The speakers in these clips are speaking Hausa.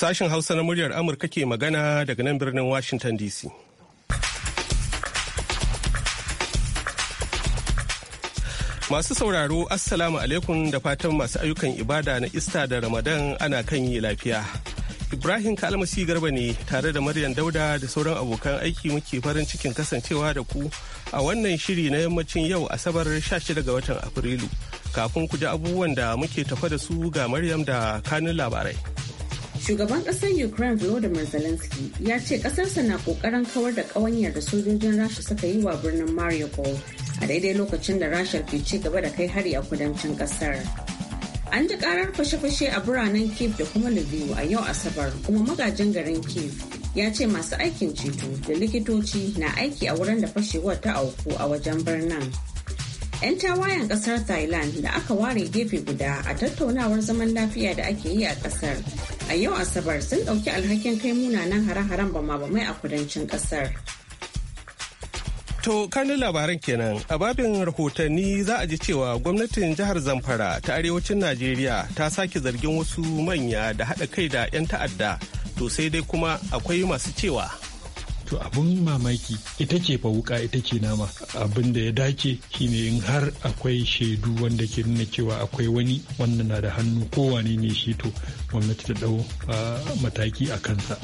Sashen Hausa na muryar Amurka ke magana daga nan birnin Washington DC. Masu sauraro, Assalamu alaikum da fatan masu ayyukan ibada na Ista da Ramadan ana kan yi lafiya. Ibrahim Kalmasi Garba ne tare da Maryam Dauda da sauran abokan aiki muke farin cikin kasancewa da ku a wannan shiri na yammacin yau Asabar 16 ga watan Afrilu. Kafin ku ji abubuwan da muke tafa da su ga Maryam da kanun labarai. Shugaban ƙasar Ukraine Volodymyr Zelensky ya ce ƙasarsa na ƙoƙarin kawar da ƙawanyar da sojojin Rasha suka yi wa birnin Mariupol a daidai lokacin da Rasha ke ci gaba da kai hari a kudancin ƙasar. An ji ƙarar fashe-fashe a biranen Kiev da kuma Lviv a yau Asabar kuma magajin garin Kiev ya ce masu aikin ceto da likitoci na aiki a wurin da fashewar ta auku a wajen birnin. 'yan tawayen ƙasar thailand da aka ware gefe guda a tattaunawar zaman lafiya da ake yi a ƙasar. a yau asabar sun ɗauki alhakin kai munanan hare-haren bama-bamai a kudancin kasar. To kanin labaran kenan a babin rahotanni za a ji cewa gwamnatin jihar Zamfara ta arewacin Najeriya ta sake zargin wasu manya da haɗa kai da 'yan ta'adda to sai dai kuma akwai masu cewa. to abun mamaki ita ce fa wuka ita ce nama abin da ya dace shine in har akwai shaidu wanda ke nuna cewa akwai wani wanda na da hannu wane ne shi to gwamnati ta dau mataki a kansa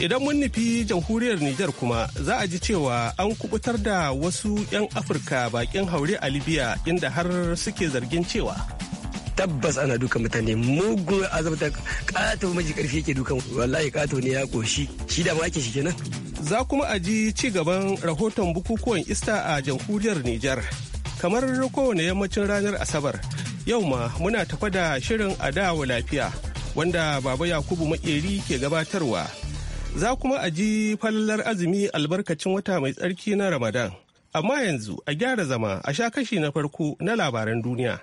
idan mun nufi jamhuriyar Nijar kuma za a ji cewa an kubutar da wasu 'yan afirka bakin haure a libya inda har suke zargin cewa tabbas ana duka mutane mugun azabta kato maji karfi yake dukan wallahi kato ne ya koshi shi da ma ake shi kenan Za kuma a ji ci gaban rahoton bukukuwan Ista a jamhuriyar Nijar. Kamar kowane yammacin ranar Asabar, yau ma muna tafa da shirin adawa lafiya wanda Baba Yakubu Makeri ke gabatarwa. Za kuma a ji falalar azumi albarkacin wata mai tsarki na Ramadan. Amma yanzu a gyara zama a sha kashi na farko na labaran duniya.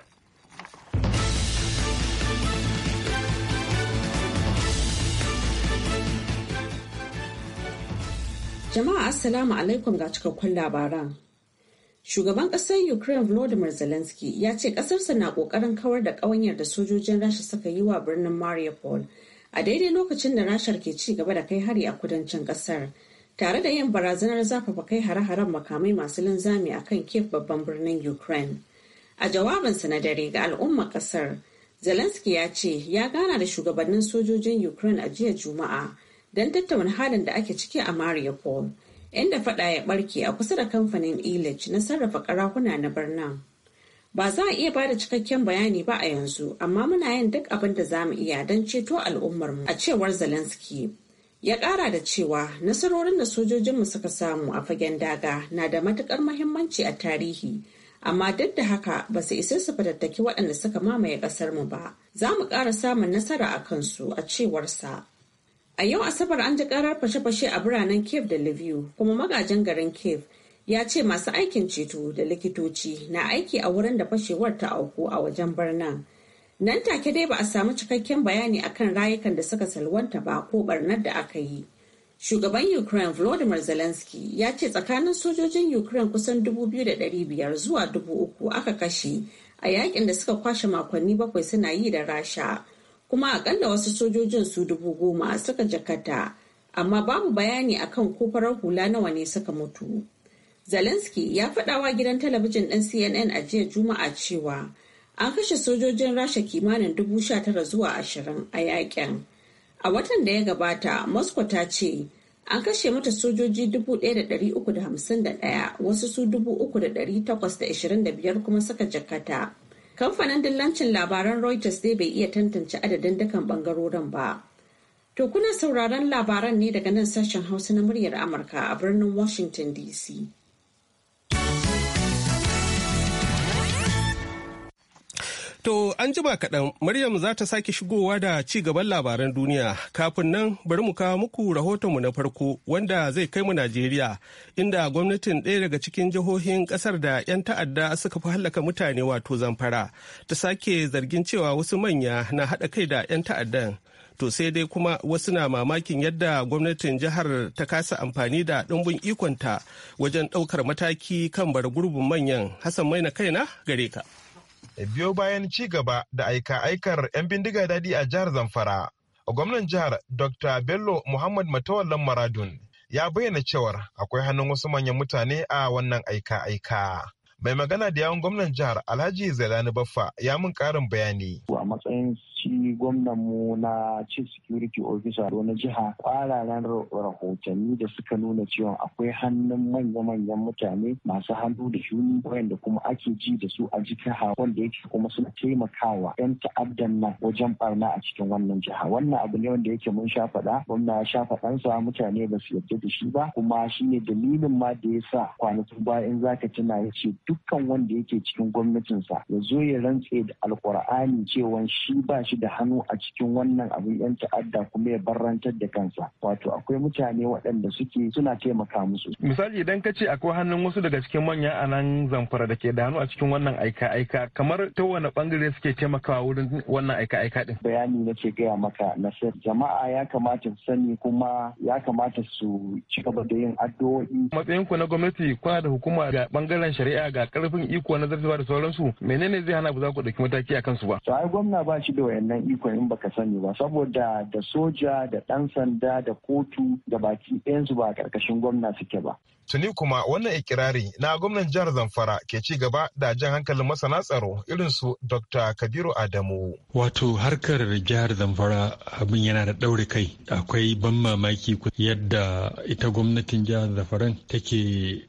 Jama'a Assalamu alaikum ga cikakkun labaran. Shugaban ƙasar Ukraine Volodymyr Zelensky ya ce ƙasarsa na ƙoƙarin kawar da ƙawanyar da sojojin Rasha suka yi wa birnin Mariupol a daidai lokacin da Rashar ke ci gaba da kai hari a kudancin ƙasar tare da yin barazanar zafafa kai hare-haren makamai masu linzami a kan kef babban birnin Ukraine. A jawabinsa na dare ga al'ummar ƙasar, Zelensky ya ce ya gana da shugabannin sojojin Ukraine a jiya Juma'a don tattauna halin da ake ciki a Mariupol, inda faɗa ya ɓarke a kusa da kamfanin Ilich na sarrafa karahuna na birnin. Ba za a iya bada cikakken bayani ba a yanzu, amma muna yin duk abin da za mu iya don ceto al'ummarmu a cewar Zelensky. Ya ƙara da cewa nasarorin da sojojinmu suka samu a fagen daga na da matuƙar muhimmanci a tarihi, amma duk da haka ba su isa su fatattaki waɗanda suka mamaye ƙasarmu ba. Za mu ƙara samun nasara a kansu a cewarsa. A yau Asabar an ji karar fashe-fashe a biranen Kiev da Lviv kuma magajin garin Kiev ya ce masu aikin ceto da likitoci na aiki a wurin da fashewar ta auku a wajen birnin. Nan take dai ba a samu cikakken bayani a kan rayukan da suka salwanta ba ko barnar da aka yi. Shugaban Ukraine Volodymyr Zelensky ya ce tsakanin sojojin Ukraine kusan 2,500 zuwa 3,000 aka kashe a yakin da suka kwashe makonni bakwai suna yi da Rasha. kuma akalla wasu sojojin su dubu goma suka jakata amma babu bayani akan ko farar hula nawa ne suka mutu zelensky ya faɗawa gidan talabijin ɗin cnn a jiya juma'a cewa an kashe sojojin rasha kimanin dubu sha tara zuwa ashirin a yaƙin a watan da ya gabata moscow ta ce an kashe mata sojoji dubu ɗaya da da da ɗari uku hamsin ɗaya wasu su dubu uku da da da ɗari takwas ashirin biyar kuma suka jakata Kamfanin dillancin labaran Reuters dai bai iya tantance adadin dukan bangarorin ba. To kuna sauraron labaran ne daga nan sashen Hausa na muryar Amurka a birnin Washington DC. To an ba kaɗan Maryam za ta sake shigowa da ci gaban labaran duniya kafin nan bari mu kawo muku rahotonmu na farko wanda zai kai mu Najeriya inda gwamnatin ɗaya daga cikin jihohin ƙasar da 'yan ta'adda suka fi hallaka mutane wato zamfara ta sake zargin cewa wasu manya na haɗa kai da 'yan ta'addan. To sai dai kuma wasu na mamakin yadda gwamnatin jihar ta kasa amfani da ɗumbin ikonta wajen ɗaukar mataki kan bara gurbin manyan Hassan Maina kaina gare ka. biyo bayan ci gaba da aika-aikar 'yan bindiga daɗi a jihar Zamfara. Gwamnan jihar Dr. Bello Muhammad Matawallan Maradun ya bayyana cewar akwai hannun wasu manyan mutane a wannan aika-aika. Mai magana da yawon gwamnan jihar Alhaji Zailani Baffa ya mun ƙarin bayani. A matsayin shi gwamnanmu na chief security officer na jiha kwararan rahotanni da suka nuna cewa akwai hannun manya-manyan mutane masu hannu da shuni da kuma ake ji da su a jiha wanda yake kuma suna taimakawa 'yan ta'addan nan wajen barna a cikin wannan jiha wannan abu ne wanda yake mun sha faɗa gwamna ya sha faɗansa mutane ba su yarda da shi ba kuma shi ne dalilin ma da ya sa kwanakin bayan in ka tuna ya ce dukkan wanda yake cikin gwamnatinsa ya zo ya rantse da alkur'ani cewa shi ba shi da hannu a cikin wannan abin yan ta'adda kuma ya barrantar da kansa wato akwai mutane waɗanda suke suna taimaka musu misali idan ka ce akwai hannun wasu daga cikin manya a nan zamfara da ke da hannu a cikin wannan aika-aika kamar ta wani bangare suke taimakawa wurin wannan aika-aika din bayani na ce gaya maka na jama'a ya kamata su sani kuma ya kamata su ci gaba da yin addu'o'i matsayin ku na gwamnati kuna da hukuma ga bangaren shari'a ga karfin iko na zartawa da sauransu menene zai hana ba za ku dauki mataki a kansu ba to ai gwamna ba shi da wayannan ikon in baka sani ba saboda da soja da dan sanda da kotu da baki ɗayansu ba a gwamna suke ba tuni kuma wannan ikirari na gwamnan jihar zamfara ke ci gaba da jan hankalin masana tsaro irin su dr kabiru adamu wato harkar jihar zamfara abin yana da ɗaure kai akwai ban mamaki yadda ita gwamnatin jihar zamfara take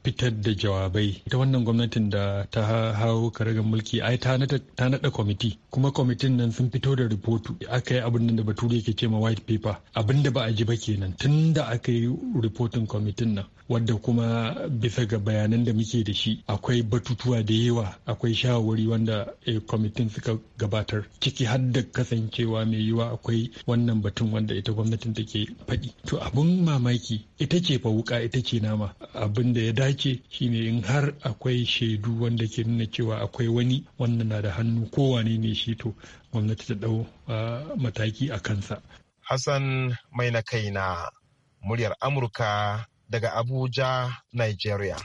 fitar da jawabai ita wannan gwamnatin da ta hau karagar mulki ai ta naɗa kwamiti kuma kwamitin nan sun fito da ripotu aka yi abin da bature ke ce ma white paper abin da ba a ji ba kenan tun da aka yi ripotin kwamitin nan wadda kuma bisa ga bayanan da muke da shi akwai batutuwa da yawa akwai shawarwari wanda eh, kwamitin suka gabatar ciki har da kasancewa mai yiwa akwai wannan batun wanda ita gwamnatin take faɗi to abin mamaki ita ce fa wuka ita ce nama abin da ya dace shine in har akwai shaidu wanda ke nuna cewa akwai wani wannan na da hannu kowane ne shi to gwamnati ta ɗau ah, mataki a kansa hassan mai na kai na muryar amurka daga Abuja, Nigeria.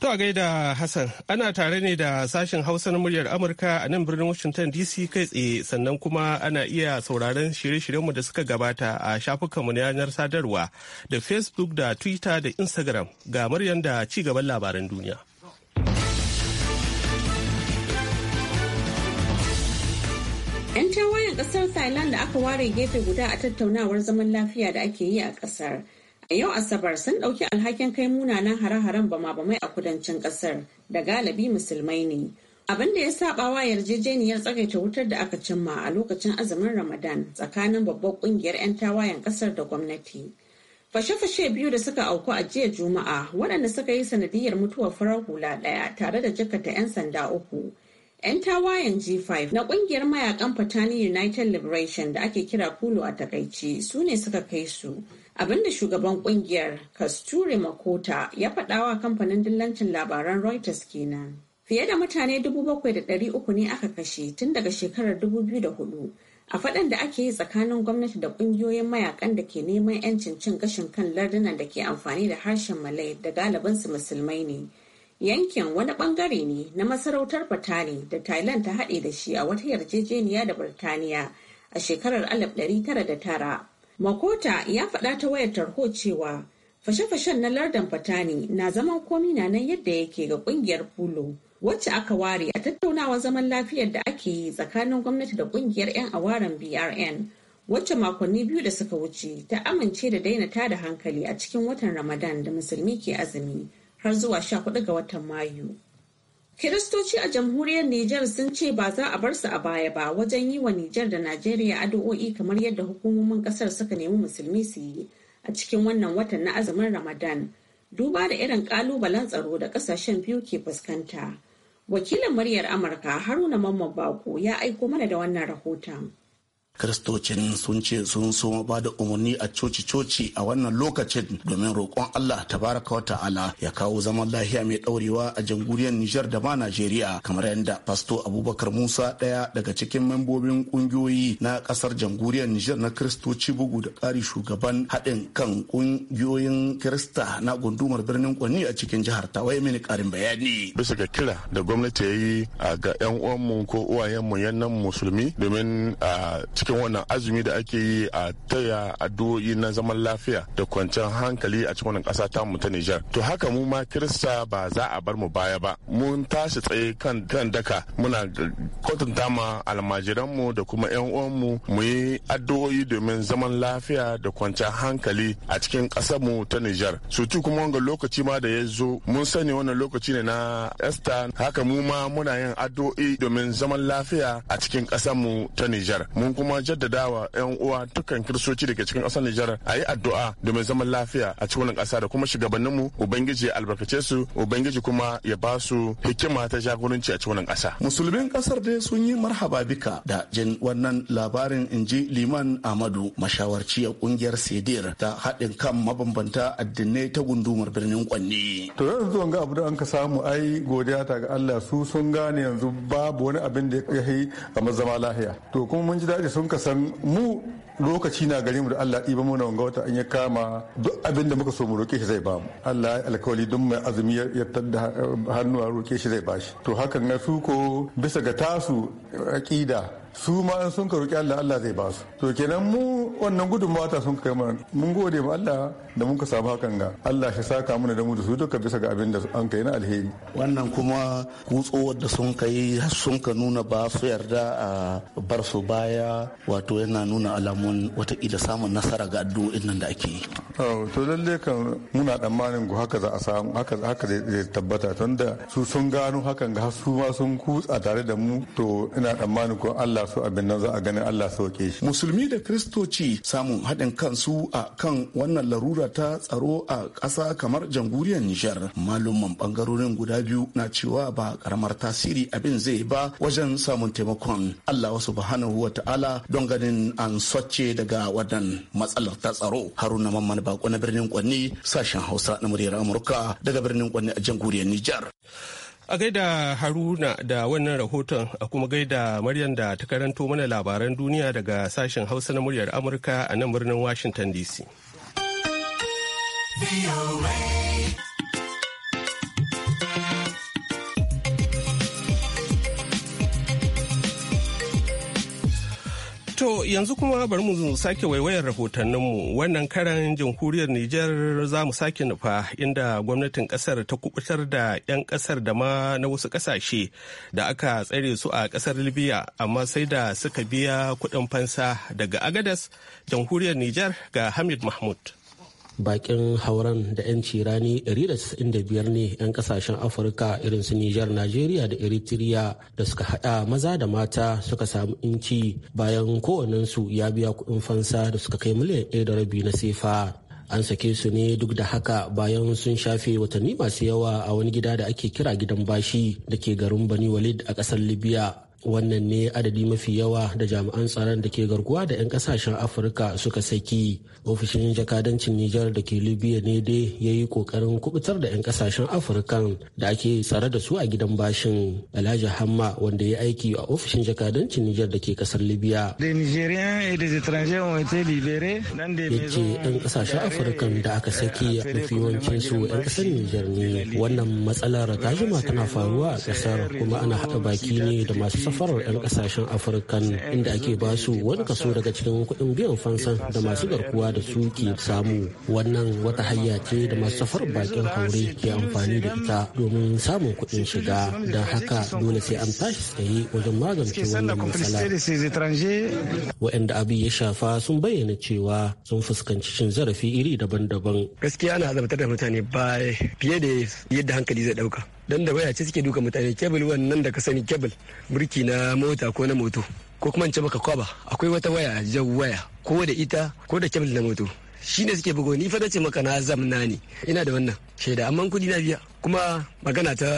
To a gaida Hassan, ana tare ne da sashen Hausa na muryar Amurka a nan birnin Washington DC kai tsaye sannan kuma ana iya sauraron shirye-shiryenmu da suka gabata a shafukanmu na yanar sadarwa da Facebook da Twitter da Instagram ga muryar da ci gaban labaran duniya. ‘Yan wayan ƙasar Thailand da aka ware gefe guda a tattaunawar zaman lafiya da ake yi a ƙasar. A yau Asabar sun ɗauki alhakin kai munanan hare-haren bama-bamai a kudancin ƙasar da galibi musulmai ne. Abin da ya saba wa yarjejeniyar tsagaita wutar da aka cimma a lokacin azumin Ramadan tsakanin babbar ƙungiyar 'yan tawayen ƙasar da gwamnati. Fashe-fashe biyu da suka auku a jiya Juma'a waɗanda suka yi sanadiyar mutuwar farar hula ɗaya tare da jakata 'yan sanda uku. 'Yan tawayen G5 na ƙungiyar mayakan Fatani United Liberation da ake kira Kulu a takaici su ne suka kai su. abinda shugaban kungiyar kasturi makota ya faɗawa kamfanin dillancin labaran reuters kenan fiye da mutane 7,300 ne aka kashe tun daga shekarar 2004 a faɗan da ake yi tsakanin gwamnati da ƙungiyoyin mayakan da ke neman 'yancin cin gashin kan lardunan da ke amfani da harshen malay da galibinsu musulmai ne yankin wani bangare ne na masarautar fatani da thailand ta haɗe da shi a wata yarjejeniya da birtaniya a shekarar 1909 Makota ya faɗa ta wayar tarho cewa fashe-fashen na lardan Fatani na zaman komi na nan yadda yake ga ƙungiyar Fulo wacce aka ware a tattaunawar zaman lafiyar da ake yi tsakanin gwamnati da kungiyar 'yan awaren BRN wacce makonni biyu da suka wuce ta amince da daina da hankali a cikin watan Ramadan da musulmi ke azumi har zuwa 14 ga watan Mayu. Kiristoci a jamhuriyar Nijar sun ce ba za a bar su a baya ba wajen yi wa Nijar da Najeriya addu'o'i kamar yadda hukumomin kasar suka nemi musulmi su yi a cikin wannan watan na azumin Ramadan. Duba da irin kalubalen tsaro da kasashen biyu ke fuskanta. Wakilin muryar Amurka Haruna Mamman Bako ya aiko mana da wannan rahoton. kiristocin sun ce sun so ba da umarni a coci-coci a wannan lokacin domin roƙon allah tabaraka wa ta'ala ya kawo zaman lahiya mai ɗaurewa a jamhuriyar nijar da ma najeriya kamar yadda fasto abubakar musa ɗaya daga cikin membobin ƙungiyoyi na ƙasar jamhuriyar nijar na kiristoci bugu da ƙari shugaban haɗin kan ƙungiyoyin kirista na gundumar birnin kwani a cikin jihar tawaye mini ƙarin bayani bisa ga kira da gwamnati ya yi ga 'yan uwanmu ko uwayenmu yannan musulmi domin a cikin wannan azumi da ake yi a taya addu'o'i na zaman lafiya da kwanciyar hankali a cikin wannan ƙasa ta mu ta Nijar. To haka mu ma Kirista ba za a bar mu baya ba. Mun tashi tsaye kan kan daka muna kwatanta ma almajiranmu da kuma 'yan uwanmu mu yi addu'o'i domin zaman lafiya da kwanciyar hankali a cikin mu ta Nijar. Sutu kuma wanga lokaci ma da ya zo mun sani wannan lokaci ne na esther haka mu ma muna yin addu'o'i domin zaman lafiya a cikin mu ta Nijar. Mun kuma kuma jaddadawa 'yan uwa dukkan kiristoci da ke cikin ƙasar Nijar a yi addu'a domin zaman lafiya a cikin ƙasa da kuma shugabanninmu Ubangiji albarkace su Ubangiji kuma ya ba su hikima ta jagoranci a cikin ƙasa. Musulmin ƙasar dai sun yi marhaba bika da jin wannan labarin in ji Liman Ahmadu mashawarci a ƙungiyar Sedir ta haɗin kan mabambanta addinai ta gundumar birnin Kwanne. To yanzu zuwan ga abu da an ka samu ai godiya ta ga Allah su sun gane yanzu babu wani abin da ya yi a mazama lahiya. To kuma mun ji daɗi sun kun ka san mu lokaci na gare mu da Allah ɗiba mu wanga wata an ya kama duk abin da muka so mu roke shi zai ba mu Allah ya alkawali duk mai azumi ya tadda eh, hannuwa roke shi zai ba shi to hakan na su ko bisa ga tasu aƙida su ma in sun ka roƙi Allah Allah zai ba su to kenan mu wannan gudunmawa ta sun kai mana mun gode ma Allah da mun ka samu hakan ga Allah shi saka mana da mu da su duka bisa ga abin da an kai na alheri wannan kuma kutso da sun kai sun ka nuna ba su yarda a bar su baya wato yana nuna alamun ila samun nasara ga addu'o'in nan da ake yi to lalle kan muna tsammanin haka za a samu haka haka zai tabbata tunda su sun gano hakan ga su ma sun kutsa tare da mu to ina tsammanin ko Allah so abin nan za a ganin Allah sauke shi musulmi da kristoci samun haɗin kansu a kan wannan larura ta tsaro a ƙasa kamar jamhuriyar Nijar malumman bangarorin guda biyu na cewa ba karamar tasiri abin zai ba wajen samun taimakon Allah wasu subhanahu wa ta'ala don ganin an sace daga wannan matsalar ta tsaro haruna mamman bako na birnin kwanni sashen hausa na muryar amurka daga birnin kwanni a jamhuriyar Nijar. A gaida Haruna da wannan rahoton a kuma gaida Maryam da ta karanto mana labaran duniya daga sashen Hausa na muryar Amurka a nan birnin Washington DC. To yanzu kuma bari mu sake waiwayar rahotanninmu wannan karan jamhuriyar Nijar za mu sake nufa inda gwamnatin kasar ta kubutar da 'yan kasar da ma na wasu kasashe da aka tsare su a kasar Libya amma sai da suka biya kuɗin fansa daga Agadas jamhuriyar Nijar ga Hamid Mahmud. bakin hauran da 'yanci rani 195 ne 'yan kasashen afirka irin su nijar najeriya da eritrea da suka hada maza da mata suka samu inci bayan kowannensu ya biya kuɗin fansa da suka kai miliyan 1.2 rabi na sefa an sake su ne duk da haka bayan sun shafe watanni masu yawa a wani gida da ake kira gidan bashi da ke garin bani walid a ƙasar libya wannan ne adadi mafi yawa da jami'an tsaron da ke garkuwa da 'yan kasashen afirka suka saki ofishin jakadancin nijar da ke libya ne dai ya yi kokarin kubutar da 'yan kasashen afirkan da ake tsare da su a gidan bashin alhaji hamma wanda ya aiki a ofishin jakadancin nijar da ke kasar libya ya ce 'yan kasashen afirkan da aka saki mafi yawancin su 'yan kasar nijar ne wannan matsalar ta tana faruwa a kasar kuma ana haɗa baki ne da masu safarar 'yan kasashen afirka inda ake ba su wani kaso daga cikin kuɗin biyan fansan da masu garkuwa da su ke samu wannan wata hanya ce da masu safar bakin haure ke amfani da ita domin samun kuɗin shiga don haka dole sai an tashi tsaye wajen magance wannan matsala waɗanda abin ya shafa sun bayyana cewa sun fuskanci cin zarafi iri daban-daban gaskiya ana azabtar da mutane ba fiye da yadda hankali zai ɗauka dan da waya ce suke duka mutane kebul wannan da ka sani kebul birki na mota ko na moto ko kuma ce maka kwaba akwai wata waya jan waya ko da ita ko da kebul na moto shine suke bugo ni fa ce maka na zamna ne ina da wannan shaida amma kudi na biya kuma magana ta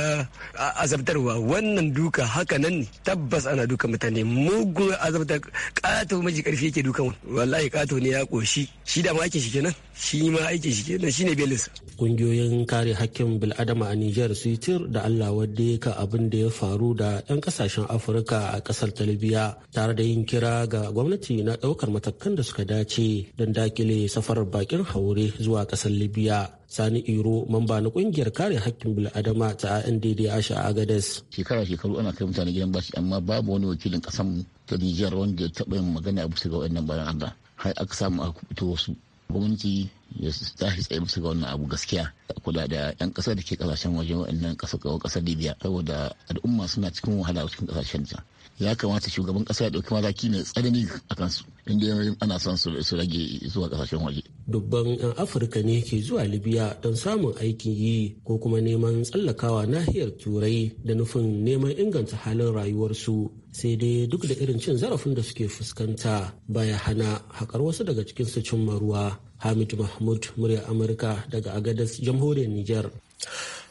azabtarwa wannan duka haka nan ne tabbas ana duka mutane mugun azabtar kato maji karfi yake duka wallahi kato ne ya koshi shi da ma aikin shi kenan shi ma aikin shi kenan shine belinsa kungiyoyin kare hakkin bil'adama a Niger su tir da Allah wadda ka abin da ya faru da 'yan kasashen Afirka a kasar ta Libya tare da yin kira ga gwamnati na daukar matakan da suka dace don dakile safar bakin haure zuwa kasar Libya Sani Iro mamba na kungiyar kare hakkin bil'adama ta ndd Asha Agades. Shekara shekaru ana kai mutane gidan bashi amma babu wani wakilin kasan ta nijiyar wanda ya taɓa yin magana a bisa ga wannan bayan Allah. Har aka samu aka fito wasu. Gwamnati ya tashi tsaye bisa ga wannan abu gaskiya kula da yan kasar da ke kasashen waje wa'annan kasar kasar libya saboda al'umma suna cikin wahala cikin kasashen ta. ya kamata shugaban kasa ya dauki mataki ne tsanani a kansu inda ana son su rage zuwa kasashen waje dubban 'yan afirka ne ke zuwa libya don samun aikin yi ko kuma neman tsallakawa nahiyar turai da nufin neman inganta halin rayuwarsu sai dai duk da irin cin zarafin da suke fuskanta baya hana hakar wasu daga cikinsu cimma ruwa hamid mahmud murya amurka daga agadas jamhuriyar nijar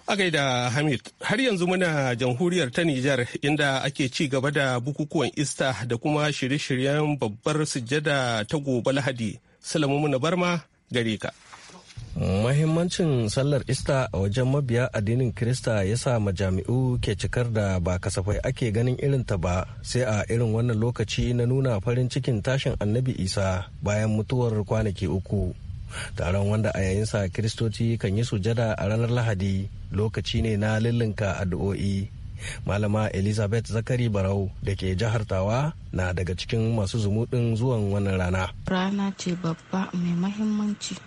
A gaida Hamid, har yanzu muna jamhuriyar ta Nijar inda ake ci gaba da bukukuwan Ista da kuma shirye-shiryen babbar sujjada ta gobe Lahadi. Salamu na barma gare ka. Mahimmancin sallar Ista a wajen mabiya addinin Kirista ya sa majami'u ke cikar da ba kasafai ake ganin irinta ba sai a irin wannan lokaci na nuna farin cikin tashin annabi Isa bayan mutuwar kwanaki uku. taron wanda a sa kiristoci kan yi sujada a ranar lahadi lokaci ne na lullunka addu'o'i malama elizabeth zakari barau da ke jihar tawa na daga cikin masu zumuɗin zuwan wannan rana rana ce babba mai mahimmanci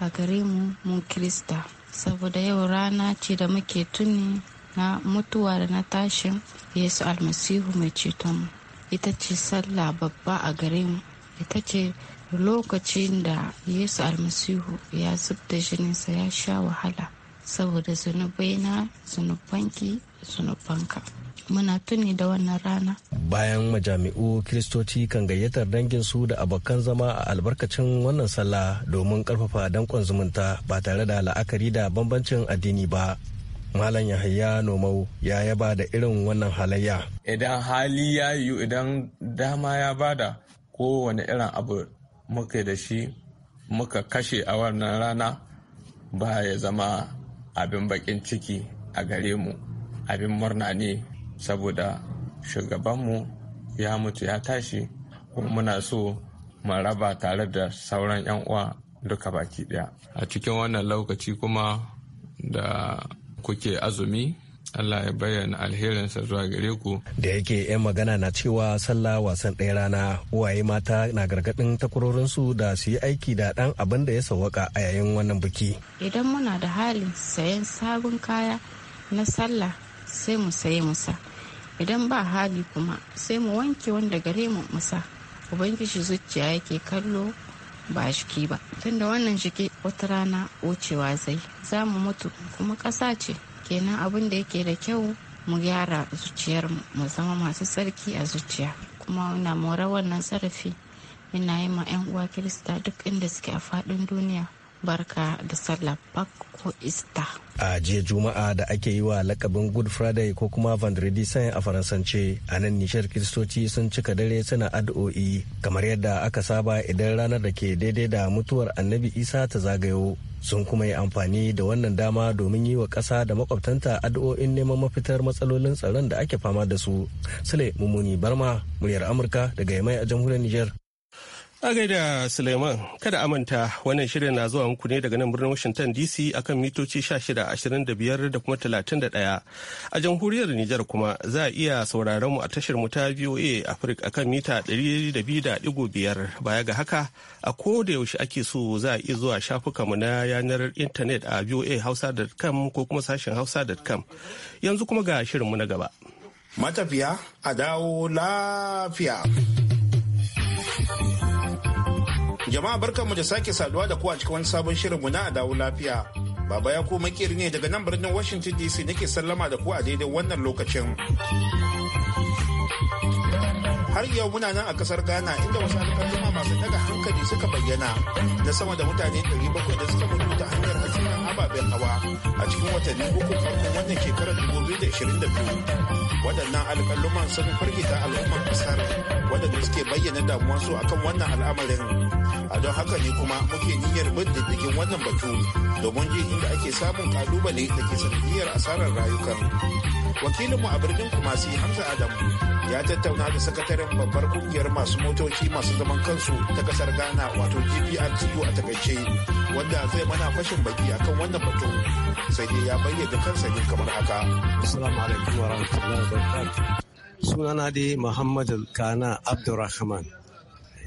a gare mu mun kirista saboda yau rana ce da muke tuni na mutuwa da na tashin yesu almasihu mai ceton ita ce sallah babba a gare mu ita ce lokacin da yesu almasihu ya zub da jininsa ya sha wahala saboda zunubai na zunubanki zunubanka muna tuni da wannan rana bayan majami'u kiristoci kan gayyatar danginsu da abokan zama a albarkacin wannan sallah domin karfafa dankon zumunta ba tare da la'akari da bambancin addini ba Malam Yahaya Nomau ya yaba da irin wannan halayya. Idan hali ya yiwu idan dama ya bada kowane irin abu muka da shi muka kashe a wannan rana ba ya zama abin bakin ciki a gare mu abin murna ne saboda shugabanmu ya mutu ya tashi kuma muna so mu raba tare da sauran 'yan uwa duka baki daya a cikin wannan lokaci kuma da kuke azumi Allah ya bayyana alherinsa zuwa gare ku. Da yake 'yan magana na cewa sallah wasan ɗaya rana uwaye mata na gargaɗin takwarorinsu da su yi aiki da ɗan abin da ya sawwaka a yayin wannan biki. Idan muna da hali sayan sabon kaya na sallah sai mu saye musa. Idan ba hali kuma sai mu wanke wanda gare mu musa. Ubangiji zuciya yake kallo ba shiki ba. Tunda wannan shiki wata rana wucewa zai. Za mu mutu kuma ƙasa ce. kenan abin da yake da kyau mu gyara zuciyar mu zama masu tsarki a zuciya kuma muna mora wannan sarrafi ina yi ma 'yan uwa kirista duk inda suke a faɗin duniya barka da sallah bak ko ista a jiya juma'a da ake yi wa lakabin good friday ko kuma vendredi sain a faransance a nan nishar kiristoci sun cika dare suna addu'o'i kamar yadda aka saba idan ranar da ke daidai da mutuwar annabi isa ta zagayo sun kuma yi amfani da wannan dama domin yi wa ƙasa da makwabtanta addu'o'in neman mafitar matsalolin tsaron da ake fama da su sule mummuni barma muryar amurka daga yamai a jamhuriyar niger A gaida Suleiman, kada amanta wannan shirin na zuwa muku ne daga nan birnin Washington DC akan mitoci 1625 da kuma 31. A jamhuriyar Nijar kuma za a iya sauraron mu a tashar mu ta VOA Africa akan mita 200.5 baya ga haka a koda yaushe ake so za a iya zuwa shafukan mu na yanar intanet a voahausa.com ko kuma sashen hausa.com. Yanzu kuma ga shirin mu na gaba. Matafiya a dawo lafiya. Jama'a mu da sake saduwa da ku a cikin wani sabon shirinmu na dawo lafiya. Baba ya kuma makeri ne daga nan birnin Washington DC nake sallama da ku a daidai wannan lokacin. Har yau muna nan a kasar Ghana inda wasu alƙaluma masu daga hankali suka bayyana na sama da mutane 700 da suka mutu ta hanyar hasinan ababen hawa a cikin watanni uku farkon wannan shekarar 2022. Waɗannan alƙaluman sun firgita al'umman kasar waɗanda suke bayyana su akan wannan al'amarin. don haka ne kuma muke niyyar bin diddigin wannan batu domin jin inda ake samun kalubale da ke sanadiyar asarar rayukan wakilinmu a birnin kumasi hamza adamu ya tattauna da sakataren babbar kungiyar masu motoci masu zaman kansu ta kasar ghana wato gprtu a takaice wanda zai mana fashin baki akan wannan batu sai dai ya bayyana kansa ne kamar haka sunana dai muhammadu kana abdurrahman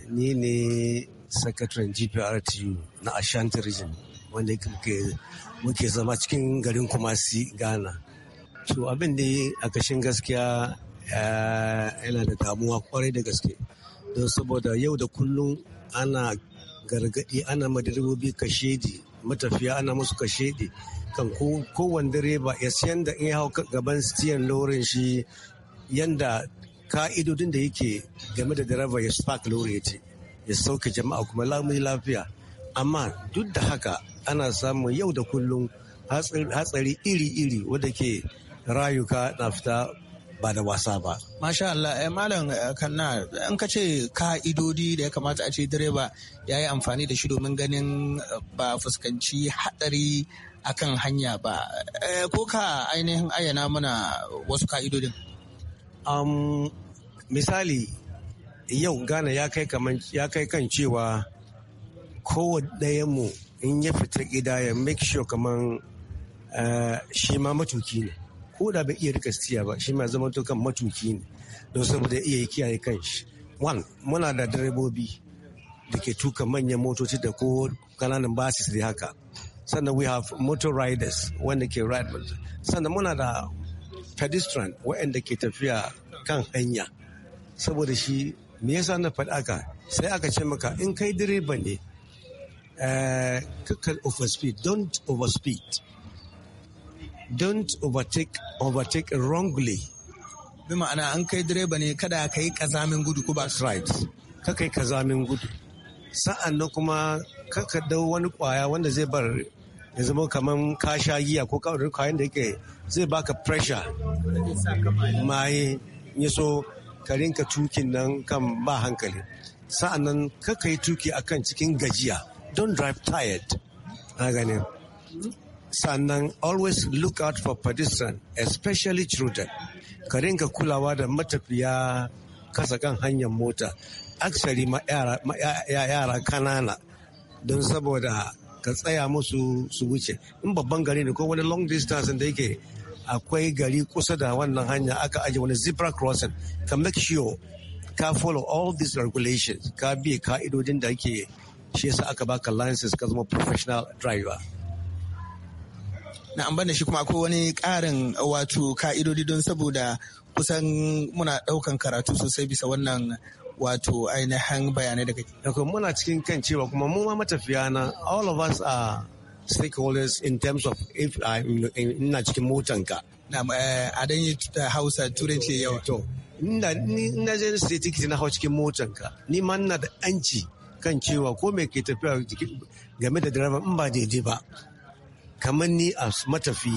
ni ne sakataren GPRTU na Ashanti Region wanda muke zama cikin garin Kumasi, Ghana. To abin da a kashin gaskiya yana da damuwa kwarai da gaske. Don saboda yau da kullum ana gargadi ana madaribobi kashedi matafiya ana musu kashedi kan kowane direba ya siyan da in hau gaban stiyan lorin shi yanda ka'idodin da yake game da direba ya spark lorin ya ce ya sauke jama'a kuma lamuni lafiya amma duk da haka ana samun yau da kullum hatsari iri-iri wadda ke rayuka na fita ba da wasa ba. Masha Allah, eh, Malam eh, Kanna, in ka ce ka'idodi da ya kamata a ce direba ya yi amfani da shi domin ganin eh, ba fuskanci haɗari kan hanya ba. Eh, ko ka ainihin ayyana mana wasu ka'idodin? misali, yau ghana ya kai kan cewa kowane mu in ya fita gida ya make sure kaman eh, shi ma matuki ne ko da bai iya rika siya ba shi ma zama to kan matuki ne don saboda iya kiyaye kan shi one muna da direbobi da ke tuka manyan motoci da ko kananan basis da haka sannan we have motor riders wanda ke ride sannan muna da pedestrian waɗanda ke tafiya kan hanya saboda shi me yasa na faɗa ka sai aka ce maka in kai direba ne eh, kakar overspeed don't overspeed don't overtake overtake wrongly bi ma'ana an kai direba ne kada ka yi kazamin gudu ko ba strides. ka kai kazamin gudu sa'an nan kuma kaka dau wani kwaya wanda zai bar ya zama kamar ka sha giya ko kawai kwayan da yake zai baka pressure maye ya so ka rinka tukin nan kan ba hankali sa'annan ka yi tuki kan cikin gajiya don drive tired na gane sannan always look out for pedestrian especially children ka rinka kulawa da matafiya kasa kan hanyar mota aksari ma yara kanana don saboda ka tsaya musu su wuce in babban gari ne ko wani long distance da yake akwai gari kusa da wannan hanya aka aje wani zebra crossing ka make sure ka follow all these regulations ka bi ka'idodin da ake shi yasa aka baka license ka zama professional driver na amban da shi kuma akwai wani ƙarin wato ka'idodi don saboda kusan muna ɗaukan karatu sosai bisa wannan wato ainihin bayanai daga kuma muna cikin kan cewa kuma mu ma matafiya na all of us are stakeholders in terms of if uh, ina cikin motanka. Na eh, a dan yi eh, hausa turanci yau. To, ina je sai ticket na hau cikin motanka, ni ma ina da anci kan cewa ko me ke tafiya game da direba in ba daidai ba. Kamar ni a matafi,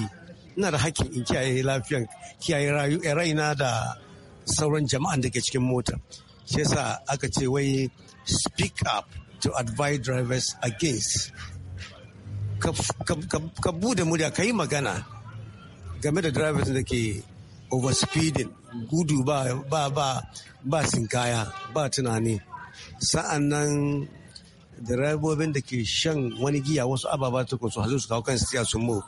ina da hakkin in kiyaye lafiyan, kiyaye eh, raina da sauran jama'an da ke cikin mota. Shi yasa aka ce wai speak up to advise drivers against ka bude murya ka yi magana game da drivers da ke overspeeding gudu ba ba ba ba sinkaya ba tunani sa'an nan direbobin da ke shan wani giya wasu ababa ta su hazo su kawo kan siya su mu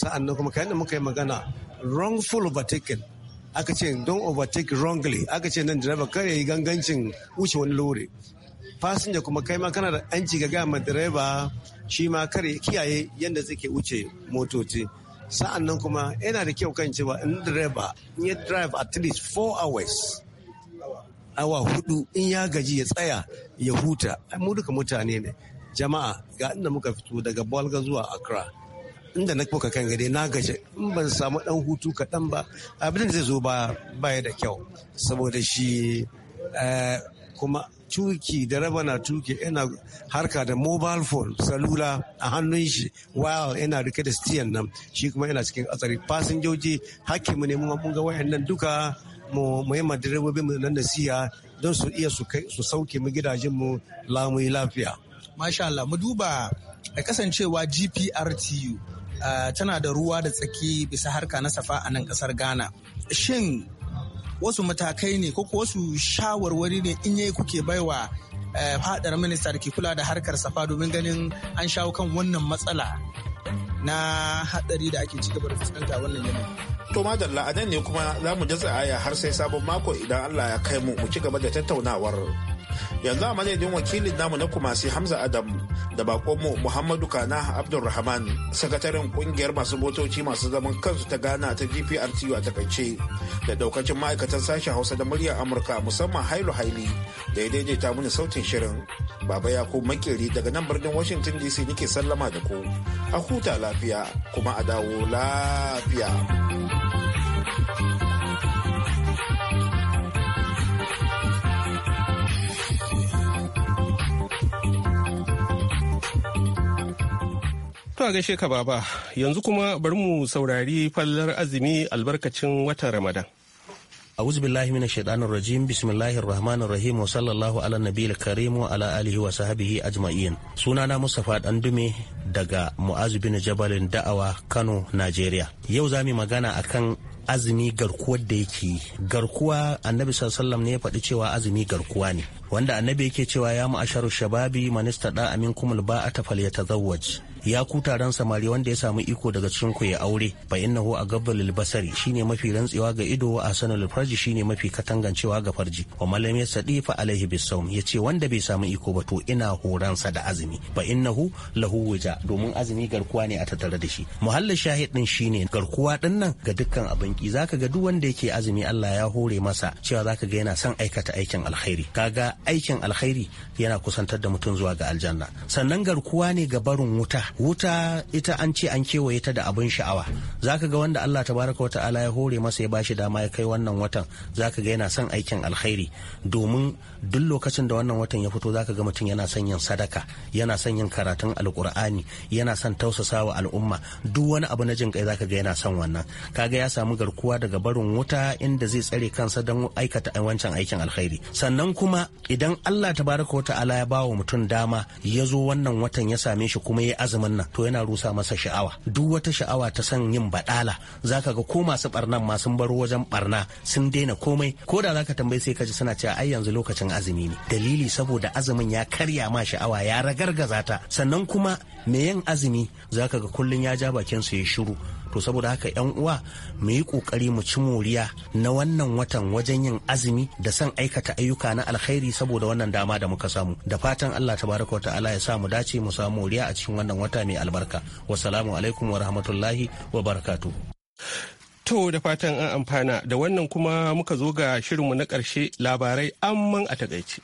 sa'an nan kuma kayan da muka yi magana wrongful overtaking aka ce don overtake wrongly aka ce nan direba kar ya yi gangancin wuce wani lori fasinja kuma kai ma kana da yanci ga gama direba shi ma kar ya kiyaye yadda ke wuce motoci sa'an nan kuma yana da kyau kan cewa in direba in ya drive at least four hours awa hudu in ya gaji ya tsaya ya huta mu duka mutane ne jama'a ga inda muka fito daga bolga zuwa accra inda na kuka kan gade na gaji in ban samu dan hutu kaɗan ba abin da zai zo ba baya da kyau saboda shi eh, kuma tuki da raba na tuki yana harka da mobile phone salula a hannun shi wow yana rike da stiyan nan shi kuma yana cikin atsari fasinjoji hakki mu ne mun ga wayannan duka mu mu yi direbobi mu nan siya, don su iya su sauke mu gidajen mu lamuyi lafiya masha Allah mu duba a kasancewa GPRTU eh, tana da ruwa da tsaki bisa harka na safa a nan kasar Ghana shin wasu matakai ne ko wasu shawarwari ne in yayi kuke baiwa eh, fadar minista da ke kula da harkar safa domin ganin an shawo kan wannan matsala na hadari da ake cigaba da fuskanta wannan yanayi. To madalla a nan ne kuma za mu jatsa aya har sai sabon mako idan Allah ya kai mu mu ci gaba da tattaunawar. yanzu a madadin wakilin namu na kumasi hamza adam da bakonmu muhammadu kana abdulrahman sakataren kungiyar masu motoci masu zaman kansu ta ghana ta gprtu a takaice da daukacin ma'aikatan sashen hausa da muryar amurka musamman hailu haili da ya daidaita mini sautin shirin baba yakub makeri daga nan birnin washington dc nake sallama da ku a huta lafiya kuma a dawo lafiya. To a gaishe ka baba yanzu kuma bari mu saurari fallar azumi albarkacin watan Ramadan. أعوذ بالله من الشيطان الرجيم بسم الله الرحمن الرحيم وصلى الله على النبي الكريم وعلى آله وصحبه أجمعين سنانا مصطفى أندمي دقا معاذ بن جبل دعوة كانو نيجيريا يوزامي مغانا أكن azumi garkuwar da yake garkuwa annabi sallallahu ne ya faɗi cewa azumi garkuwa ne wanda annabi yake cewa ya ma'asharu shababi manista da amin kumul ba a tafal ya tazawwaj ya ku taron samari wanda ya samu iko daga cikin ku ya aure fa innahu a gabbal basari shine mafi rantsewa ga ido a sanal farji shine mafi katangancewa ga farji wa malam ya sadi fa alaihi bisawm yace wanda bai samu iko ba to ina horansa da azumi fa innahu lahu wija domin azumi garkuwa ne a tattare da shi muhallin shahid din shine garkuwa din nan ga dukkan abin arziki zaka ga duk wanda yake azumi Allah ya hore masa cewa zaka ga yana son aikata aikin alkhairi kaga aikin alkhairi yana kusantar da mutum zuwa ga aljanna sannan garkuwa ne ga barin wuta wuta ita an ce an kewaye ta da abin sha'awa zaka ga wanda Allah tabaraka wata'ala ya hore masa ya bashi dama ya kai wannan watan zaka ga yana son aikin alkhairi domin duk lokacin da wannan watan ya fito zaka ga mutum yana son yin sadaka yana son yin karatun alkur'ani yana son tausasawa al'umma duk wani abu na jin kai zaka ga yana son wannan kaga ya samu garkuwa daga barin wuta inda zai tsare kansa don aikata wancan aikin alkhairi sannan kuma idan Allah ta tabaraka wata ala ya bawa mutum dama ya zo wannan watan ya same shi kuma ya azumin nan to yana rusa masa sha'awa duk wata sha'awa ta san yin badala zaka ga ko masu barnan ma sun baro wajen barna sun daina komai ko da zaka tambayi sai ka ji suna cewa ai yanzu lokacin azumi ne dalili saboda azumin ya karya ma sha'awa ya ragargaza ta sannan kuma me yin azumi zaka ga kullum ya ja bakin su ya shiru to saboda haka yan uwa mu yi kokari mu ci moriya na wannan watan wajen yin azumi da son aikata ayyuka na alkhairi saboda wannan dama da muka samu da fatan Allah tabaraka ta'ala ya sa mu dace mu samu moriya a cikin wannan wata mai albarka wassalamu alaikum wa rahmatullahi wa barakatuh To da fatan an amfana da wannan kuma muka zo ga shirinmu na ƙarshe labarai amman a takaice.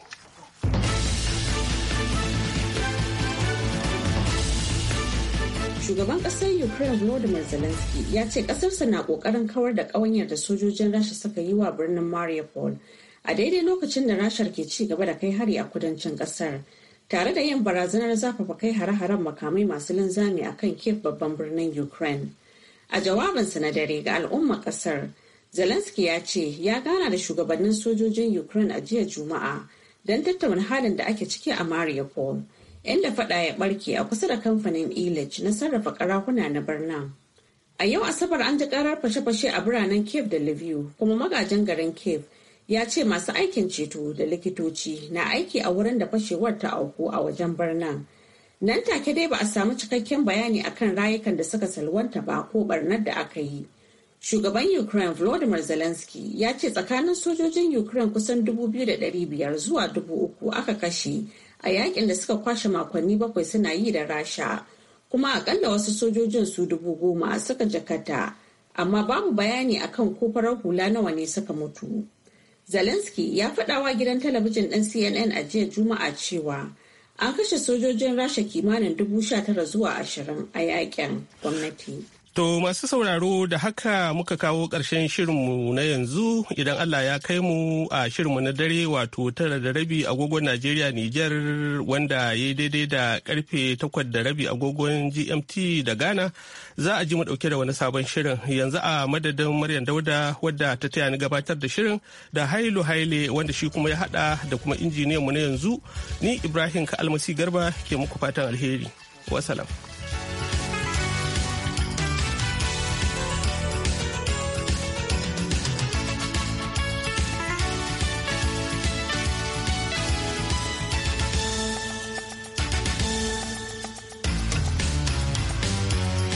shugaban ƙasar ukraine volodymyr zelensky ya ce ƙasarsa na ƙoƙarin kawar da ƙawanyar da sojojin rasha suka yi wa birnin mariupol a daidai lokacin da rashar ke ci gaba da kai hari a kudancin ƙasar tare da yin barazanar zafafa kai hare-haren makamai masu linzami a kan kiev babban birnin ukraine a jawabinsa na dare ga al'umma ƙasar zelensky ya ce ya gana da shugabannin sojojin ukraine a jiya juma'a don tattauna halin da ake ciki a mariupol inda faɗa ya ɓarke, a kusa da kamfanin Illich na sarrafa karahuna na birnin. A yau Asabar an ji karar fashe-fashe a biranen Cape da Lviv kuma magajin garin Cape ya ce masu aikin ceto da likitoci na aiki a wurin da fashewar ta auku a wajen birnin. Nan take dai ba a samu cikakken bayani a kan rayukan da suka salwanta ba ko barnar da aka yi. Shugaban Ukraine Volodymyr Zelensky ya ce tsakanin sojojin Ukraine kusan 2,500 zuwa 3,000 aka kashe a yakin da suka kwashe makonni bakwai suna yi da rasha kuma akalla wasu sojojin su dubu goma suka jakata amma babu bayani akan ko farar hula nawa ne suka mutu zelensky ya faɗawa gidan talabijin ɗin cnn a jiya juma'a cewa an kashe sojojin rasha kimanin dubu sha tara zuwa ashirin a yakin gwamnati To masu sauraro da haka muka kawo ƙarshen shirinmu na yanzu idan Allah ya kai mu a shirinmu na dare wato tara da rabi agogon Najeriya Nijar wanda ya daidai da karfe takwas da rabi agogon GMT da Ghana za a ji mu ɗauke da wani sabon shirin yanzu a madadin Maryam Dauda wadda ta taya ni gabatar da shirin da Hailu Haile wanda shi kuma ya haɗa da kuma injiniyan mu na yanzu ni Ibrahim Ka Almasi Garba ke muku fatan alheri. Wasalam.